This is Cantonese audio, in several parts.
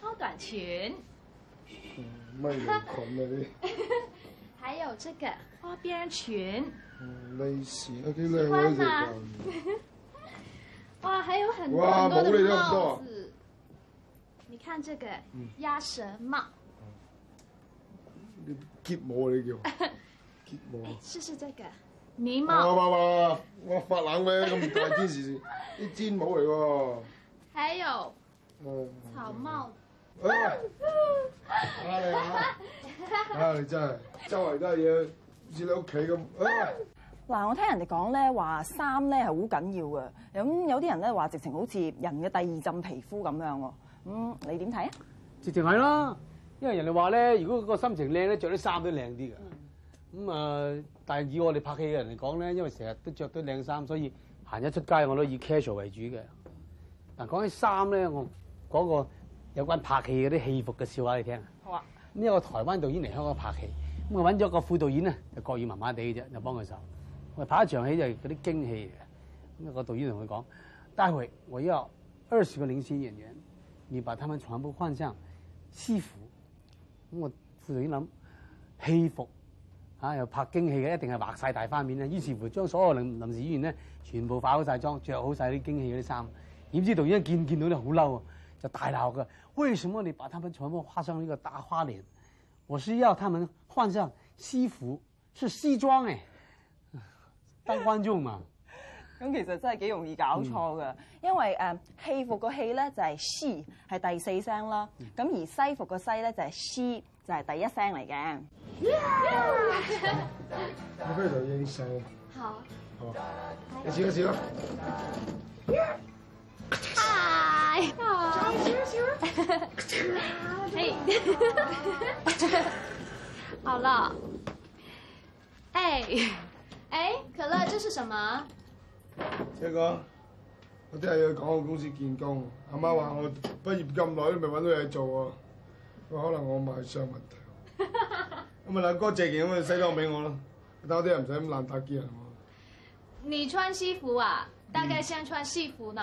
超短裙，嗯，裙，還有這個花邊裙，嗯，迷你，喜歡嗎？哇，還有很多，哇很多的帽子，啊、你看這個鴨舌、嗯、帽，你結帽你叫我，結帽，試試這個呢帽、啊啊啊，哇哇哇，我發冷咩？咁大件事，住， 啲氈帽嚟喎，還有，嗯，草帽。喂、哎哎，你真係，周圍都係嘢似你屋企咁。嗱，我聽人哋講咧，話衫咧係好緊要嘅。咁有啲人咧話直情好似人嘅第二陣皮膚咁樣喎。咁、嗯、你點睇啊？直情係啦，因為人哋話咧，如果個心情靚咧，着啲衫都靚啲嘅。咁啊、嗯嗯，但係以我哋拍戲嘅人嚟講咧，因為成日都着得靚衫，所以行一出街我都以 casual 為主嘅。嗱，講起衫咧，我嗰個。有關拍戲嗰啲戲服嘅笑話你聽啊！好啊！一個台灣導演嚟香港拍戲，咁我揾咗個副導演咧，就國語麻麻地嘅啫，就幫佢手。咁拍一場戲就嗰啲驚戲嘅，咁、個導演同佢講，待會我要二十個臨時演員，你把他們全部換上師傅。咁我副導演諗戲服啊又拍驚戲嘅，一定係畫晒大花面，於是乎將所有臨臨時演員咧全部化好晒妝，着好晒啲驚戲嗰啲衫。點知導演一見見到你，好嬲啊！就大鬧個，為什麼你把他們全部畫上一個大花臉？我是要他們換上西服，是西裝哎、欸，當觀眾嘛。咁其實真係幾容易搞錯噶，嗯、因為誒、啊、戲服個戲咧就係 she 係第四聲咯，咁、嗯、而西服個西咧就係、是、she 就係、是、第一聲嚟嘅。你不如做英聲。好，你試一試啦。嗨，嗨，好啦，哎，哎，可樂，這是什麼？大哥、這個，我聽日要去廣告公司見工，阿媽話我畢業咁耐都未搵到嘢做喎，可能我賣相問題，咁啊，大哥借件咁嘅西裝俾我咯，但我兜啲人唔使咁難打機係嘛？嗯、你穿西服啊？大概先穿西服呢？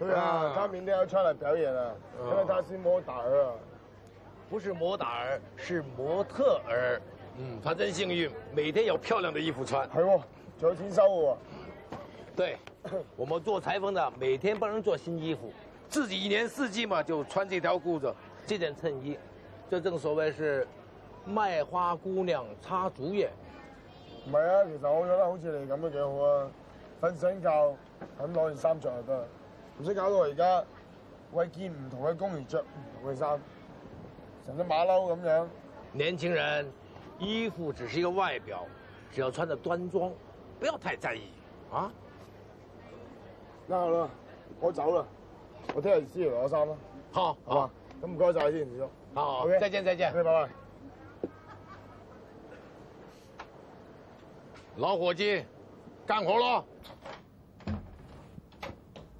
對啊，他明天要出來表演了。因為他是模打兒，不是模打兒，是模特兒。嗯，他真幸運，每天有漂亮的衣服穿。係喎、哦，仲有錢收喎、哦。對， 我們做裁縫的，每天幫人做新衣服，自己一年四季嘛就穿這條褲子、這件襯衣，就正所謂是賣花姑娘插竹葉。唔係啊，其實我覺得好似你咁都幾好啊。瞓醒覺，咁攞件衫着就得。唔使搞到我而家為見唔同嘅工而着唔同嘅衫，成隻馬騮咁樣。年輕人，衣服只是一個外表，只要穿得端莊，不要太在意啊！嗱、啊，好啦，我走啦，我聽日先嚟攞衫啦。好，好，好啊吧，咁唔該晒先，師傅吧。謝謝你你好，好，Okay? 再見，再見，拜拜、okay,。老伙計，幹活咯！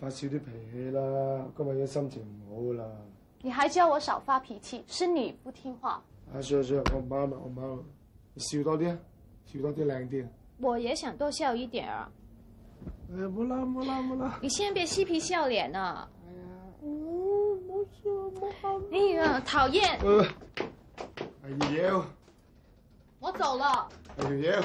發少啲脾氣啦，今日嘅心情唔好啦。你還叫我少發脾氣，是你不聽話。阿少少，我媽咪，我媽咪，你笑多啲啊，笑多啲靚啲。我也想多笑一點啊。誒、哎，冇啦冇啦冇啦。啦你先別嬉皮笑臉啊。哎呀，唔、嗯、好笑，唔好笑。你啊、討厭哎呀，討厭。哎呀，我走喇。哎呀。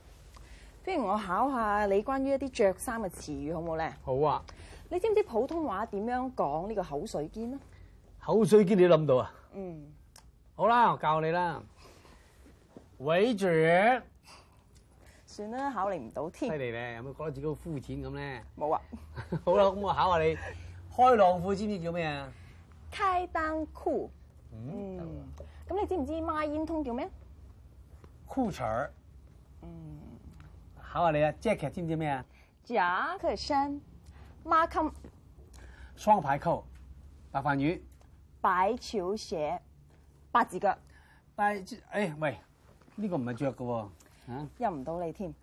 不如我考下你關於一啲着衫嘅詞語好唔好咧？好啊！你知唔知普通話點樣講呢個口水肩咧？口水肩你都諗到啊！嗯，好啦，我教你啦。圍住，算啦，考你唔到添。犀利咧，有冇覺得自己好膚淺咁咧？冇啊！ 好啦，咁我考下你， 開襠褲知唔知叫咩啊？開襠褲。嗯。咁、嗯、嗎你知唔知孖煙通叫咩？褲衩齒。嗯。考下你啊！夾克知唔知咩啊？j a c k 夾克衫、孖襟、雙排扣、白飯魚、白潮蛇、八字腳。但係誒，喂，呢、這個唔係着㗎，吓、啊、入唔到你添。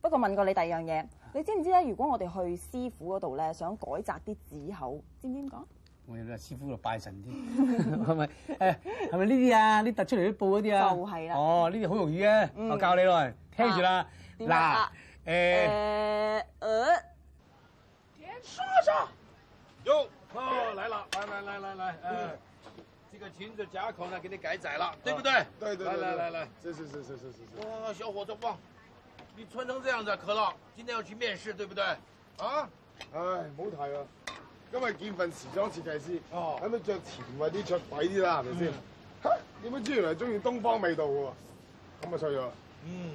不過問過你第二樣嘢，你知唔知咧？如果我哋去師傅嗰度咧，想改窄啲紙口，知唔知點講？我要去師傅度拜神添，係咪？ 誒、哎，係咪呢啲啊？你突出嚟啲布嗰啲啊？就係啦。哦，呢啲好容易啊，嗯、我教你咯，聽住啦。啊.來啦！哎，呃，點田叔？喲，哦，來了，來來來來來，哎，這個裙子夾口呢，給你改窄了，對不對？對對對，來來來來，是是是是是是是。哇，小伙子哇！你穿成這樣子，可樂，今天要去面試，對不對？啊？唉，唔好提啦。今日見份時裝設計師，哦，睇咪着前衛啲，着鬼啲啦，係咪先？吓，點解之前來中意東方味道嘅？咁啊，衰咗，嗯。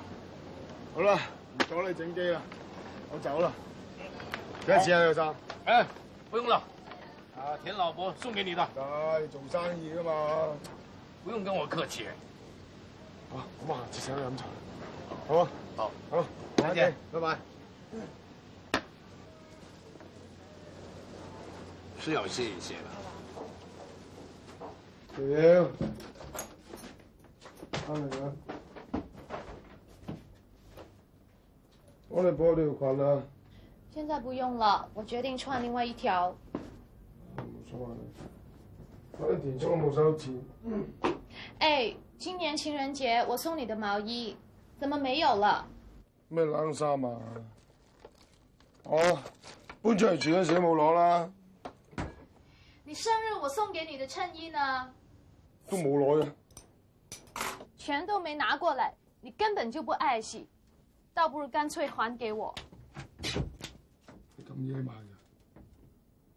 好啦，唔阻你整機啦，我走啦。幾時啊，劉生好？哎，不用了啊，田老伯送給你的、啊。哎，做生意㗎嘛，不用跟我客氣。好，咁啊，就請飲茶。好啊，好，阿姐見，再見拜拜。嗯，是要謝一謝的 t h a n 我哋播呢你換啦。現在不用了，我決定穿另外一條。冇錯啊，快啲填充我冇收錢。嗯。哎，今年情人節我送你的毛衣，怎麼沒有了？咩冷衫啊？哦，搬出嚟住嗰陣時冇攞啦？你生日我送給你的襯衣呢？都冇攞啊？全都沒拿過來，你根本就不愛惜。倒不如乾脆還給我。咁夜晚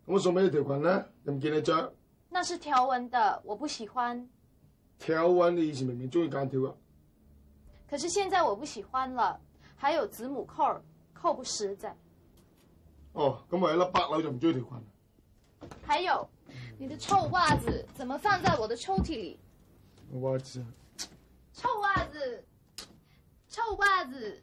我送俾你條裙呢？又唔見你着。那是條紋的，我不喜歡。條紋的意思明明中意間條啊。可是現在我不喜歡了，還有子母扣，扣不實在。哦，咁我一粒白鈕就唔中意條裙。還有，你的臭襪子怎麼放在我的抽屜裏？襪子，子。臭襪子。臭襪子。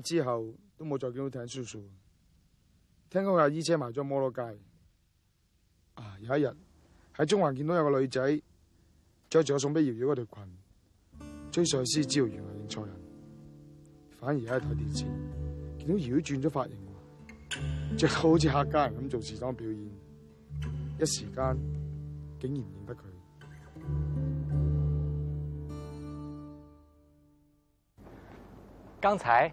之後都冇再見到田叔叔，聽講阿姨車埋咗摩羅街。啊，有一日喺中環見到有個女仔着住我送俾瑤瑤嗰條裙，追上司知道原來認錯人，反而喺台電視見到瑤瑤轉咗髮型，着得好似客家人咁做時裝表演，一時間竟然唔認得佢。剛才。